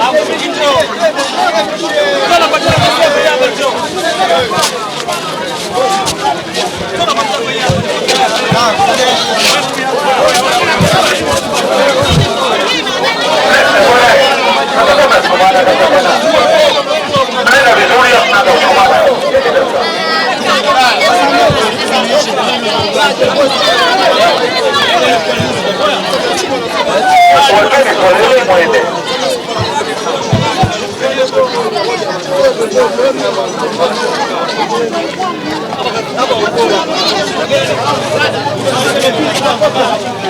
아무튼 힘들어 Morele, muere. Thank you.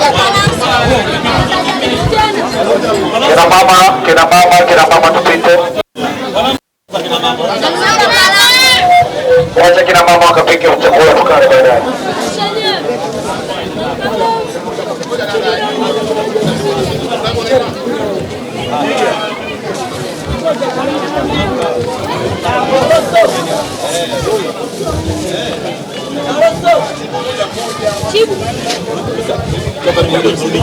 Kina mama, kina mama, kina mama tupite. Wacha kina mama wakapike chakula tukale baadaye. Chibu. Watoto wala msiba wasiwe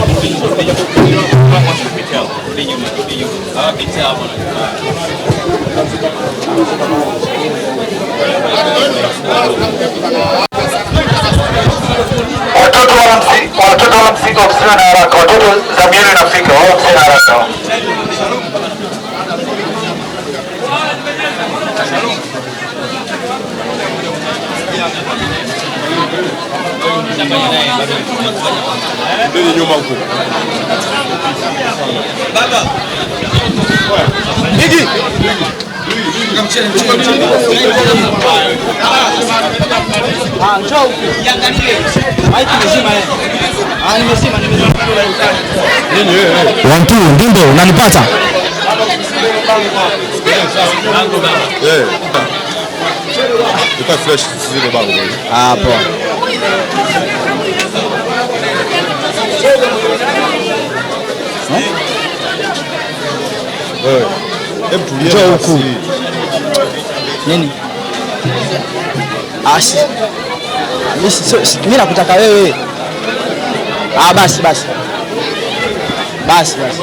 na haraka, watoto za mioyo inafika, wala msiwe na haraka mbele nyuma huko baba hiki wantu ah, ah, unanipata Ah, poa huku nini? Mimi ah, nakutaka wewe. Ah, basi basi basi basi.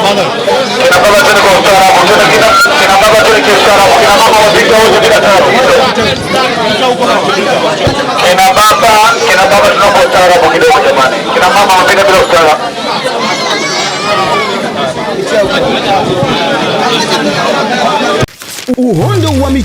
Father. Kina baba tunaomba ustaarabu kidogo jamani. Kina mama wapenda bila ustaarabu.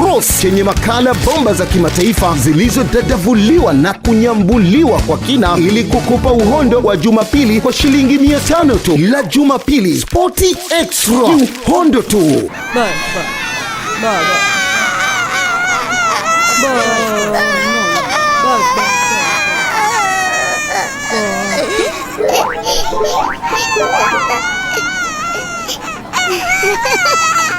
Cross chenye makala bomba za kimataifa zilizodadavuliwa na kunyambuliwa kwa kina ili kukupa uhondo wa Jumapili kwa shilingi mia tano tu. La Jumapili Sporti Extra, uhondo tu ba, ba, ba, ba. Ba.